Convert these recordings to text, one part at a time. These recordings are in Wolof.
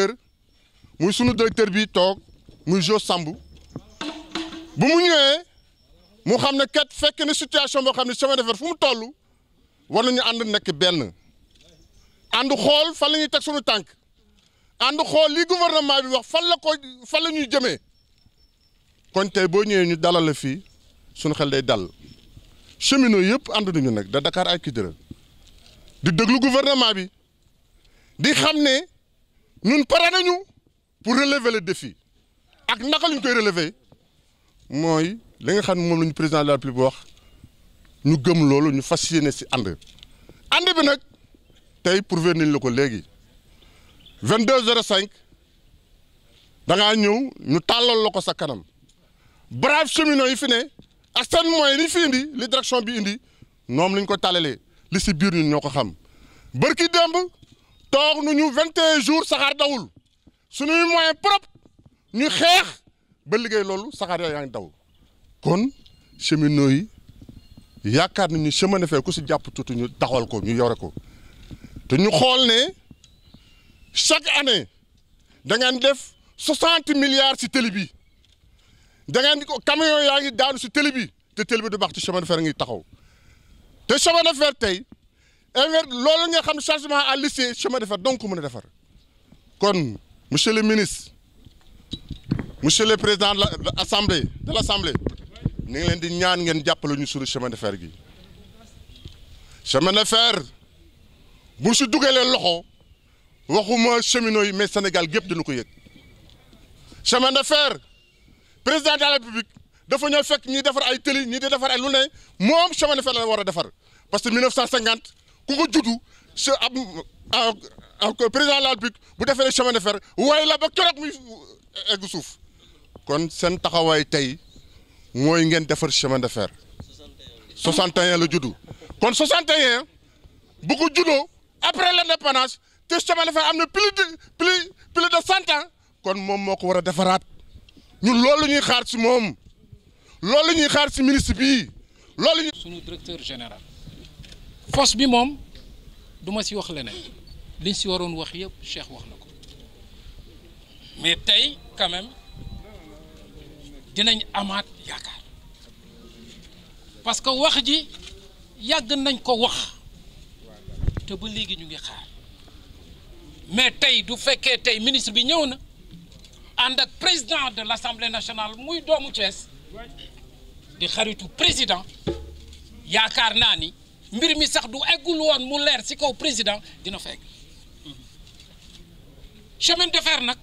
directeur muy sunu directeur bi toog muy Jo sàmbu bu mu ñëwee mu xam ne kat fekk na situation boo xam ne chemin de fu mu tollu war ñu ànd nekk benn ànd xool fan la ñuy teg sunu tànk ànd xool li gouvernement bi wax fan la ko fan la ñuy jëmee kon tey boo ñëwee ñu dalal fii sunu xel day dal cheminots yëpp ànd nañu nekk da Dakar ak Kidira di déglu gouvernement bi di xam ne. ñun pare nañu pour relever le défi ak naka lañ koy relever mooy li nga xam ne moom la ñu président de la République wax ñu gëm loolu ñu fas yéene si ànd. ànd bi nag tey prouvé nañ la ko léegi 22h05 da ngaa ñëw ñu tàllal la ko sa kanam brave cheminots yi fi ne ak seen moyens yi fi indi li direction bi indi noom lañ ko tàllalee li si biir ñun ñoo ko xam barki démb. toog nañu vingt et un jours saxaar dawul suñuy moyen propre ñu xeex ba liggéey loolu saxaar yaa ngi daw kon cheminot yi yaakaar nañu chemin de fer ku si jàpp tuuti ñu taxawal ko ñu yore ko te ñu xool ne chaque année da ngeen def soixante milliards si tëli bi da ngeen ko camion yaa ngi daanu si tëli bi te tëli bi du baax te chemin de ngi taxaw te chemin fer tey. Eh, inver loolu nga xam changement à lycée chemin defar donc mën a defar kon monsieur le ministre monsieur le président de l'assemblée de l'assemblée ñu ngi leen di ñaan ngeen jàppale ñu suñu chemin de fer gi chemin de fer bu si dugalee loxo waxuma cheminots yi mais Sénégal gépp dañu ko yëg chemin de fer président de la république dafa ñëw fekk ñuy defar ay tëli ñi di defar ay lu ne moom chemin de fer a war a defar parce que 1950 ku ko juddu sa ab président la République bu defee chemin de fer la ba keroog muy suuf kon seen taxawaay tey mooy ngeen defar chemin de fer 61 la juddu kon 61 bu ko juddoo après l'indépendance te chemin de fer am na plus de plus plus de kon moom moo ko war a defaraat ñun loolu ñuy xaar ci moom loolu ñuy xaar ci ministre bi loolu. sunu directeur général. fosse bi moom duma ma si wax leneen liñ si waroon wax yëpp Cheikh wax na ko mais tey quand dinañ amaat yaakaar parce que wax ji yàgg nañ ko wax te ba léegi ñu ngi xaar mais tey du fekkee tey ministre bi ñëw na ànd ak président de l'Assemblée nationale muy doomu Thiès di xaritu président yaakaar naa ni. mbir mi sax du eggul woon mu leer si kaw président dina fa egg chemin de fer nag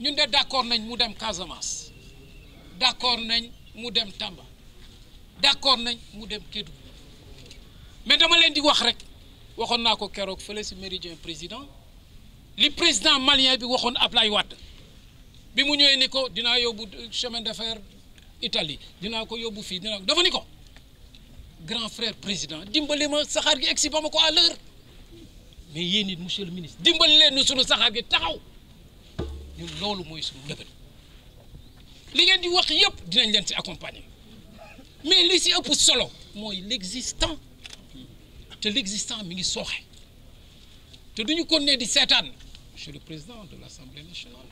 ñun de d'accord nañ mu dem Casamance d'accord nañ mu dem Tamba d'accord nañ mu dem Kédougou mais dama leen di wax rek waxoon naa ko keroog fële ci méridien président li président malien bi waxoon Ablaye Wade bi mu ñëwee ni ko dinaa yóbbu chemin de fer Italie dinaa ko yóbbu fii dinaa dafa ni ko grand frère président dimbale ma saxaar gi egsi ba ma ko à mais yéen it monsieur le ministre dimbali leen ñu sunu saxaar gi taxaw ñun loolu mooy sunu lëbët li ngeen di wax yëpp dinañ leen ci accompagner mais li ci ëpp solo mooy l'existant te l'existant mi ngi sooxe te duñu kon ne di seetaan monsieur le président de l'Assemblée nationale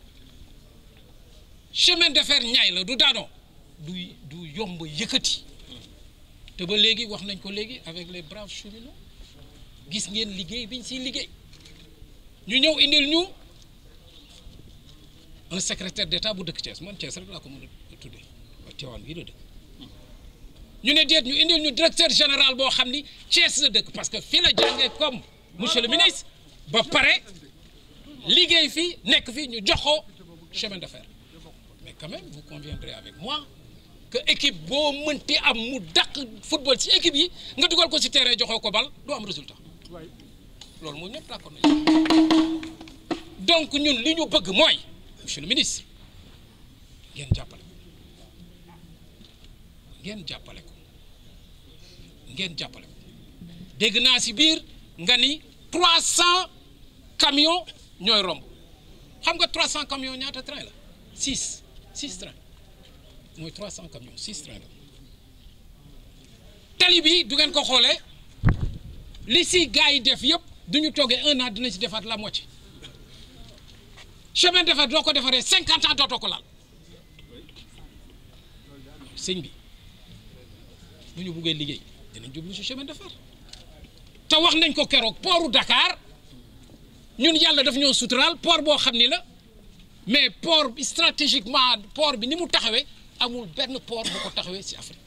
chemin de fer ñaay la du daanoo du du yomb yëkkati te ba léegi wax nañ ko léegi avec les braves cheminots gis ngeen liggéey biñ siy liggéey ñu ñëw indil ñu un secrétaire d'État bu dëkk Thiès man Thiès rek laa ko mën a tuddee waa Tivaouane bii la dëkk ñu ne déet ñu indil ñu directeur général boo xam ni Thiès la dëkk parce que fii la jàngee comme monsieur le ministre ba pare liggéey fii nekk fii ñu jox ko chemin de fer mais quand même vous conviendrez avec moi que équipe boo mënti am mu dàq football ci équipe yi nga dugal ko si terrain joxoo ko bal du am résultat loolu mooy ñëpp d'accord donc ñun li ñu bëgg mooy monsieur le ministre ngeen jàppale ko ngeen jàppale ko ngeen jàppale dégg naa si biir nga ni 300 camions ñooy romb xam nga 300 camions ñaata train la 6 6 train mooy 300 camions 6 trains tali bi du ngeen ko xoolee li si gars yi def yëpp du ñu toogee un an dina si defaat la moitié chemin defar doo ko defaree 50 ans dootoo ko laal sëñ bi bu ñu buggee liggéey dinañ jublu si chemin defar te wax nañ ko keroog pooru dakaar ñun yàlla daf ñoo suturaal port boo xam ni la mais port bi stratégiquement port bi ni mu taxawee. amul benn port bu ko taxawee si Afrique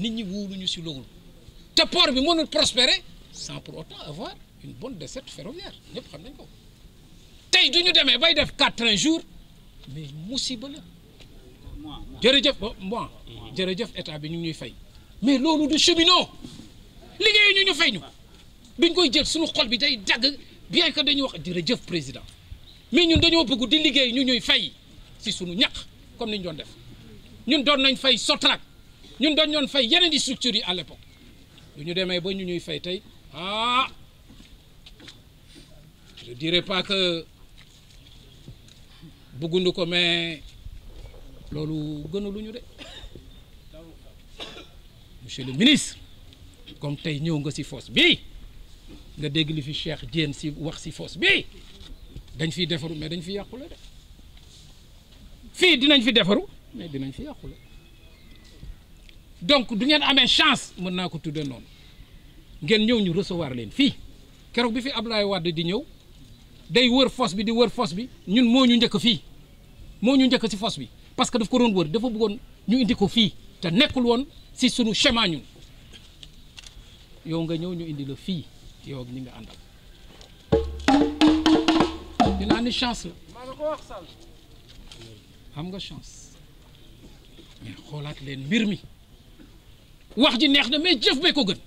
nit ñi wóoluñu si loolu te port bi mënul prospérer sans pour autant avoir une bonne desserte ferroviaire ñëpp xam nañ ko tey du ñu demee bay def quatre jours mais musiba la jërëjëf bon jërëjëf état bi ñu ngi ñuy fay mais loolu du cheminot liggéeyu ñu ñu fay ñu biñ koy jël suñu xol bi day dagg bien que dañuy wax jërëjëf président mais ñu dañoo bëgg di liggéey ñu ñuy fay si suñu ñaq comme ni ñu doon def ñun doon nañ fay Sotrac ñun doon ñoon fay yeneen di structures yi à l'époque bu ñu demee ba ñu ñuy fay tey ah je dirais pas que buggundu ko mais loolu gënu lu ñu de monsieur le ministre comme tey ñëw nga si fosse bii nga dégg li fi Cheikh Diène si wax si fosse bii dañ fiy defaru mais dañ fi yàqule de fii dinañ fi defaru mais dinañ fi yàqule donc du ngeen amee chance mën naa ko tudde noonu ngeen ñëw ñu recevoir leen fii keroog bi fi Abdoulaye Wade di ñëw day wër fosse bi di wër fosse bi ñun moo ñu njëkk fii moo ñu njëkk si fosse bi parce que daf ko doon wër dafa bëggoon ñu indi ko fii te nekkul woon si sunu chemin ñun yow nga ñëw ñu indi la fii yow ak ñi nga àndal dinaa ni chance la xam nga chance mais xoolaat leen mbir mi wax ji neex na mais jëf bee ko gën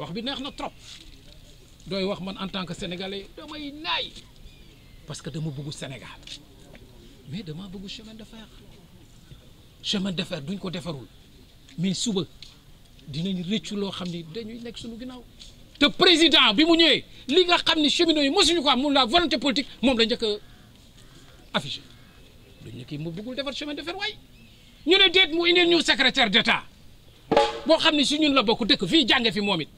wax bi neex na trop dooy wax man en tant que sénégalais damay naay parce que dama bëggu Sénégal mais dama bëggu chemin de fer chemin de fer duñ ko defarul mais suba dinañ rëccu loo xam ni dañuy nekk suñu ginnaaw te président bi mu ñëwee li nga xam ni cheminots yi mosuñu ko am mun la volonté politique moom la njëkk affiché duñ ne kii mu bëggul defar chemin de fer waay ñu ne déet mu indil ñu secrétaire d'État boo xam ne si ñun la bokk dëkk fii jànge fi moom it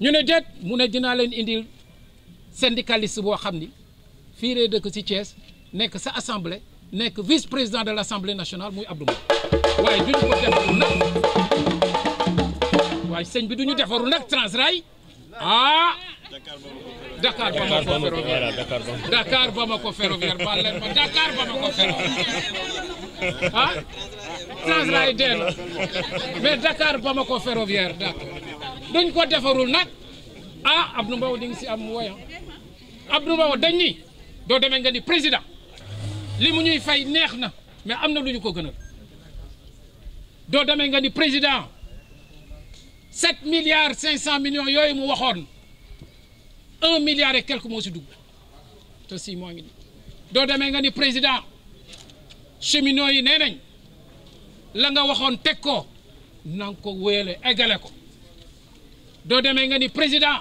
ñu ne déet mu ne dinaa leen indil syndicaliste boo xam ni fii ree dëkk si Thiès nekk sa assemblée nekk vice président de l' assemblée nationale muy Abdou Mbow waaye duñu ko defaru nag waaye sëñ bi duñu defaru nag Transrail ah! Dakar Bamako ferroviaire Dakar Bamako ferroviaire baal ma Dakar Bamako ferroviaire ah Transrail dee mais Dakar Bamako ferroviaire d'accord duñ ko defarul nag ah Abdou Mbow di nga si am woya ah. Abdou Mbow dañ ni doo demee nga ni président li mu ñuy fay neex na mais am na lu ñu ko gënal doo demee nga ni président 7 milliards 500 millions yooyu mu waxoon. un milliard et quelque moo si dugg te si moo doo demee nga ni président cheminots yi nee nañ la nga waxoon teg ko na nga ko wéyale eggale ko doo demee nga ni président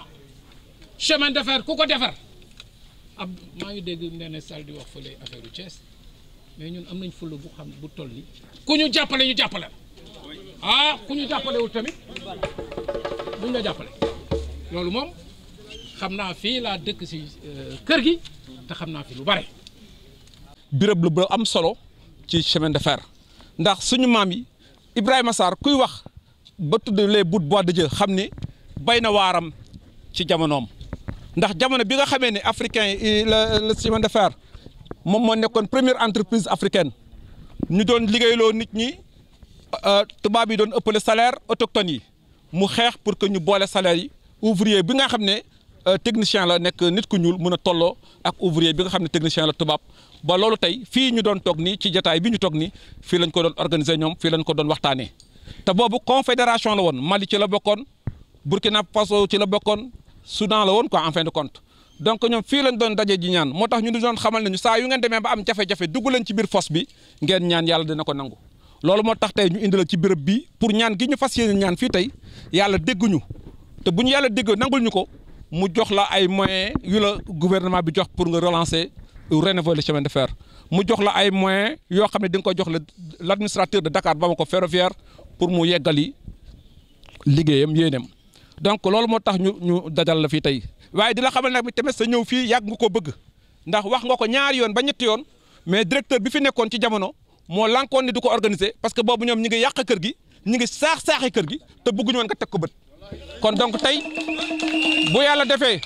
chemin de fer ku ko defar ab maa ngi dégg Ndéné Sall di wax fële affaire u Thiès mais ñun am nañ fulla bu xam bu toll ni ku ñu jàppale ñu jàppale ah ku ñu jàppalewul tamit buñ la jàppale loolu moom xam naa fii laa dëkk si euh, kër gi xam naa fi lu bare. birab lu ba am solo ci chemin de fer ndax suñu maam yi Ibrahima Sarr kuy wax ba tudd les bouts bois de Dieu xam ni bay na waaram ci jamonoom ndax jamono bi nga xamee ne africain yi la le chemin de fer moom moo nekkoon première entreprise africaine ñu doon liggéey loo nit ñi euh, tubaab yi doon ëppale salaire autochtone yi mu xeex pour que ñu boole salaire yi ouvrier bi nga xam ne. Euh, technicien la nekk nit ku ñuul mun a tolloo ak ouvrier bi nga xam ne technicien la tubaab ba loolu tey fii ñu doon toog nii ci jataay bi ñu toog nii fii lañ ko doon organiser ñoom fii lañ ko doon waxtaanee te boobu confédération la woon Mali ci la bokkoon Burkina Faso ci la bokkoon Soudan la woon ko en fin de compte donc ñoom fii lañ doon daje ji ñaan moo tax ñu doon xamal ne ñu saa yu ngeen demee ba am jafe-jafe dugg leen ci biir fosse bi ngeen ñaan yàlla dina ko nangu loolu moo tax tey ñu indi la ci béréb bi pour ñaan gi ñu fas yéene ñaan fii tey yàlla dégguñu te bu yàlla dégg nangul ñu ko mu jox la ay moyens yu la gouvernement bi jox pour nga relancer ou rénover le chemin de fer mu jox la ay moyens yoo xam ne di ko jox la l' administrateur de Dakar Bamako ferroviaire pour mu yeggali liggéeyam yéenam donc loolu moo tax ñu ñu dajal la fii tey waaye di la xamal nag bi tamit sa ñëw fii yàgg nga ko bëgg ndax wax nga ko ñaari yoon ba ñetti yoon mais directeur bi fi nekkoon ci jamono moo lankoon ni du ko organiser parce que boobu ñoom ñi ngi yàq kër gi ñi ngi saax saaxi kër gi te bëgguñu woon nga teg ko bët. kon donc tey bu yàlla defee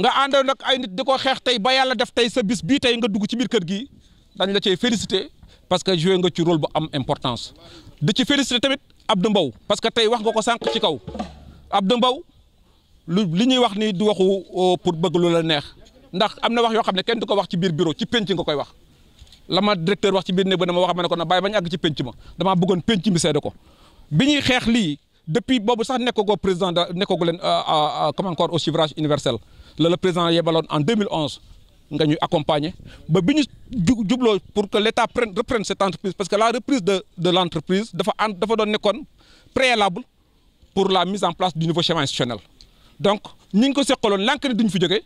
nga àndoon ak ay nit di ko xeex tey ba yàlla def tey sa bis bii tey nga dugg ci biir kër gi dañ la cay félicité parce que joué nga ci role bu am importance di ci félicité tamit Abdou Mbow parce que tey wax nga ko sànq ci kaw Abdou Mbow lu li ñuy wax ni du waxu euh, pour bëgg lu la neex ndax am na wax yoo xam ne kenn du ko wax ci biir bureau ci penc nga koy wax la ma directeur wax ci biir néeg ba dama wax ma ne ko na bàyyi bañ àgg ci penc ma damaa bëggoon penc mi seede ko depuis boobu sax nekkagoo président da nekkagu leen euh, comme encore au suffrage universel la le président yebaloon en 2011 nga ñu accompagner ba bi ñu jubloo pour que l' état prenne reprenne cette entreprise parce que la reprise de de l' dafa ànd dafa doon nekkoon préalable pour la mise en place du nouveau schéma institutionnel. donc ñi ngi ko seqaloon lànk ne duñ fi jóge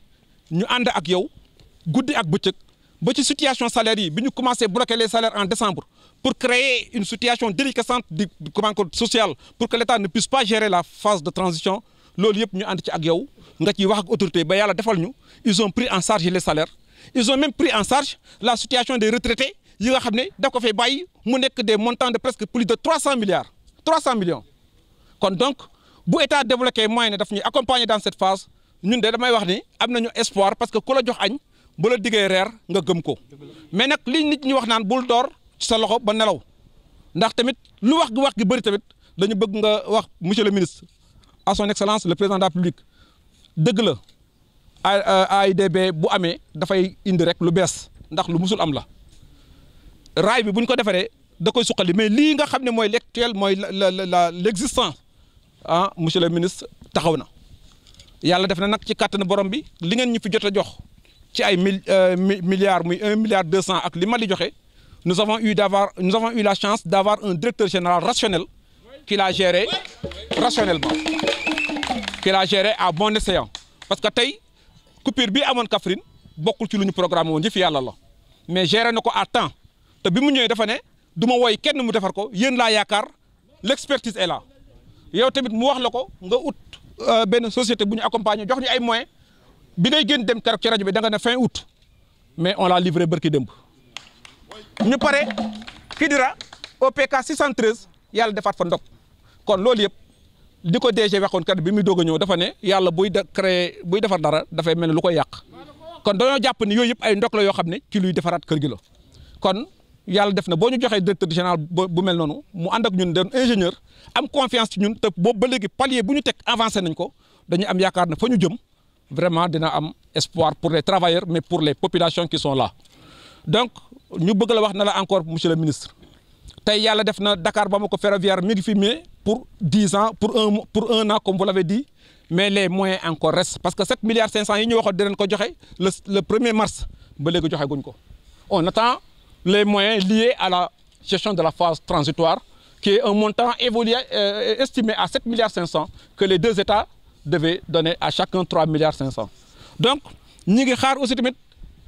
ñu ànd ak yow guddi ak bëccëg ba ci situation salaire yi bi ñu commencé bloquer les salaires en décembre. pour créer une situation déliquescente du comment sociale pour que l'État ne puisse pas gérer la phase de transition loolu yëpp ñu ànd ci ak yow nga ciy wax ak autorité ba la defal ñu ils ont pris en charge les salaires ils ont même pris en charge la situation des retraités yi nga xam ne da ko fay bàyyi mu nekk des montants de presque plus de trois cent milliards trois cent millions kon donc bu état débloqué moyen ne daf ñu accompagner dans cette phase ñun de damay wax ni am nañu espoir que ku la jox añ bu la reer nga gëm ko mais nag li nit ñi wax naan bul door ci sa loxo ba nelaw ndax tamit lu wax gi wax gi bëri tamit dañu bëgg nga wax monsieur le ministre à son excellence le président de la République dëgg la AIBD bu amee dafay indi rek lu bees ndax lu musul am la raay bi buñ ko defaree da koy suqali mais lii nga xam ne mooy l'actuel mooy la la la l'existence ah monsieur le ministre taxaw na yàlla def na nag ci kàttanu borom bi li ngeen ñu fi jot a jox ci ay mil euh, milliards muy un milliard deux cent ak li ma di joxe nous avons eu d'avoir nous avons eu la chance d'avoir un directeur général rationnel qui l'a géré rationnellement qui l'a géré à bon escient parce que tey coupure bi amoon Kaffrine bokkul ci lu ñu programme woon jëf yàlla la mais géré na ko à temps te bi mu ñëwee dafa ne du ma woy kenn mu defar ko yéen laa yaakaar l'expertise est la yow tamit mu wax la ko nga ut euh, benn société bu ñu accompagner jox ñu ay moyens bi ngay génn dem keroog ci rajo bi da nga ne fin août mais on l'a livré bërki démb ñu pare Kidira OPK 613 yàlla defaat fa ndox kon loolu yëpp di ko DG waxoon kat bi muy dog a ñëw dafa ne yàlla buy da créé buy defar dara dafay mel ne lu koy yàq kon dañoo jàpp ni yooyu yëpp ay ndok la yoo xam ne ci luy defaraat kër gi la kon yàlla def na boo ñu joxee directeur général bu mel noonu mu ànd ñun doon ingénieur am confiance ci ñun te boobu ba léegi palier bu ñu teg avancer nañ ko dañu am yaakaar ne fa ñu jëm vraiment dina am espoir pour les travailleurs mais pour les populations qui sont ñu bëgg la wax na la encore monsieur le ministre tey yàlla def na Dakar ferroviaire mi fi mais pour ans pour un pour comme vous l'avez dit mais les moyens encore restent parce que sept milliards cinq cent yi ñu waxoon dinañ ko joxe le le premier mars ba léegi joxe guñ ko on attend les moyens liés à la gestion de la phase transitoire qui est un montant évolué euh, estimé à sept milliards cinq cent que les deux États devaient donner à chacun trois milliards cinq cent donc ñi ngi aussi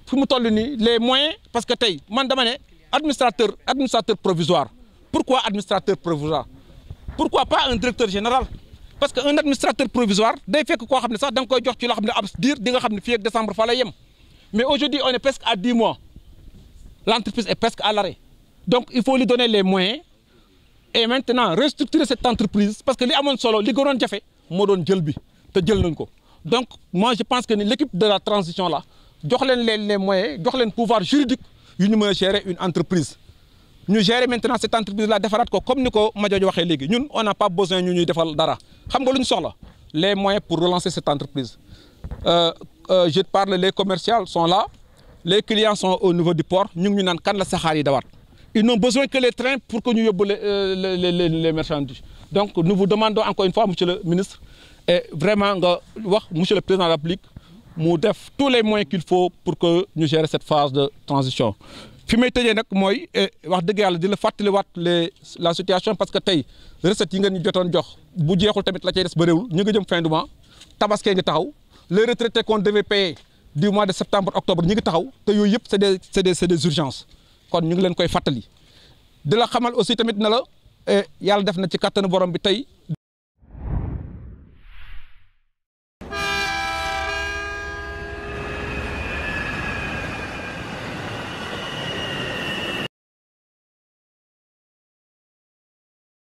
fu mu toll nii les moyens parce que tey man dama ne administrateur administrateur provisoire pourquoi administrateur provisoire pourquoi pas un directeur général parce que un administrateur provisoire day fekk koo xam ne sax da nga koy jox ci loo xam ne ab diir di nga xam ne fii ak décembre fa lay yem mais aujourd'hui on est presque à dix mois l'entreprise est presque à l'arrêt donc il faut lui donner les moyens et maintenant restructurer cette entreprise parce que li amoon solo li gënoon jafe moo doon jël bi te jël nañ ko donc moi je pense que ni l'équipe de la transition là jox leen leen les moyens jox leen pouvoir juridique yu ñu mën a gérer une entreprise ñu gérer maintenant cette entreprise là defaraat ko comme ni ko Madiadio waxee léegi ñun on n'a pas besoin ñu ñuy defal dara xam nga lu ñu soxla les moyens pour relancer cette entreprise euh, euh, je parle les commerciaux son la les clients sont au niveau du port ñu ngi ñu naan kan la saxaar yi dawaat ils n'ont besoin que les pour que ñu yóbbu les euh, le les marchandises donc nous vous en encore une fois monsieur vraiment nga wax monsieur le président de la mu def tous les moins qu'il faut pour que ñu gérer cette phase de transition fi may tëjee nag mooy eh, wax dëgg yàlla di la fàttaliwaat les la situation parce que tey recettes yi ngeen ñu jotoon jox bu jeexul tamit la cay des bëriwul ñu ngi jëm fin du mois tabaskee ngi taxaw les retraités qu'on devait payer du mois de septembre octobre ñu ngi taxaw te yooyu yëpp c'est des c'est des c'est kon ñu ngi leen koy fàttali di la xamal aussi tamit na la eh, yàlla def na ci kattanu borom bi tey.